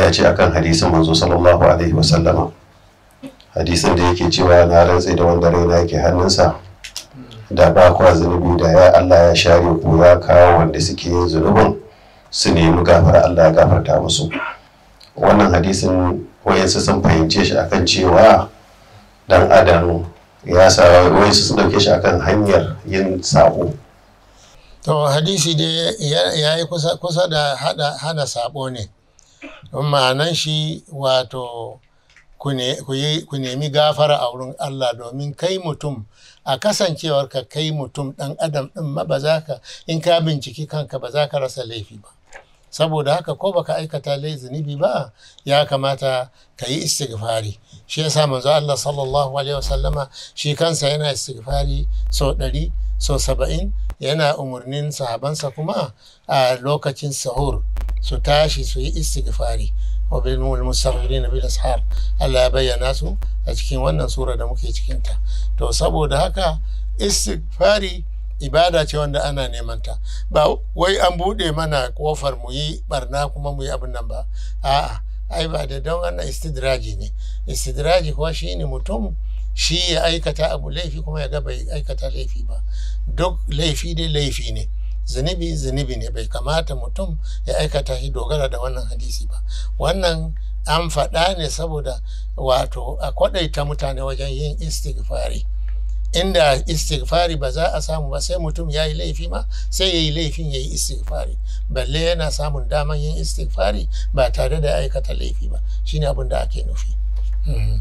ya ce akan hadisin manzo sallallahu alaihi wa sallama" hadisin da yake cewa na rantse da wanda raina yake hannunsa da ba kwa zunubi da ya Allah ya share ku ya kawo wanda suke yin zunubin su nemi gafara Allah ya gafarta musu wannan hadisin wayansu sun fahimce shi akan cewa dan adam ya sa wayansu sun dauke shi akan hanyar yin saƙo. to hadisi dai ya yi kusa da hana saƙo ne ma'anan shi wato ku nemi gafara a wurin Allah domin kai mutum a kasancewar ka kai mutum ɗan adam ɗin ma ba za ka in ka binciki kanka ba za ka rasa laifi ba saboda haka ko baka aikata laifin zunubi ba ya kamata ka yi istighfari shi ya sa manzo Allah sallallahu alaihi wasallama shi kansa yana istighfari sau ɗari sau saba'in yana umarnin sahabansa kuma a lokacin sahur su tashi su yi istighfari wa bil mustaghfirin bil ashar Allah ya bayyana su a cikin wannan sura da muke cikin ta to saboda haka istighfari ibada ce wanda ana neman ta ba wai an bude mana kofar mu yi barna kuma mu yi abin nan ba a'a ai ba da don wannan istidraji ne istidraji kuwa shine mutum shi ya aikata abu laifi kuma ya ga bai aikata laifi ba duk laifi dai laifi ne zunubi zunubi ne bai kamata mutum ya aikata shi dogara da wannan hadisi ba wannan an faɗa ne saboda wato a kwaɗaita mutane wajen yin istighfari inda istighfari ba za a samu ba sai mutum ya yi laifi ma sai ya yi laifin ya yi istighfari balle yana samun daman yin istighfari ba tare da aikata laifi ba shine abin da ake nufi. Hmm.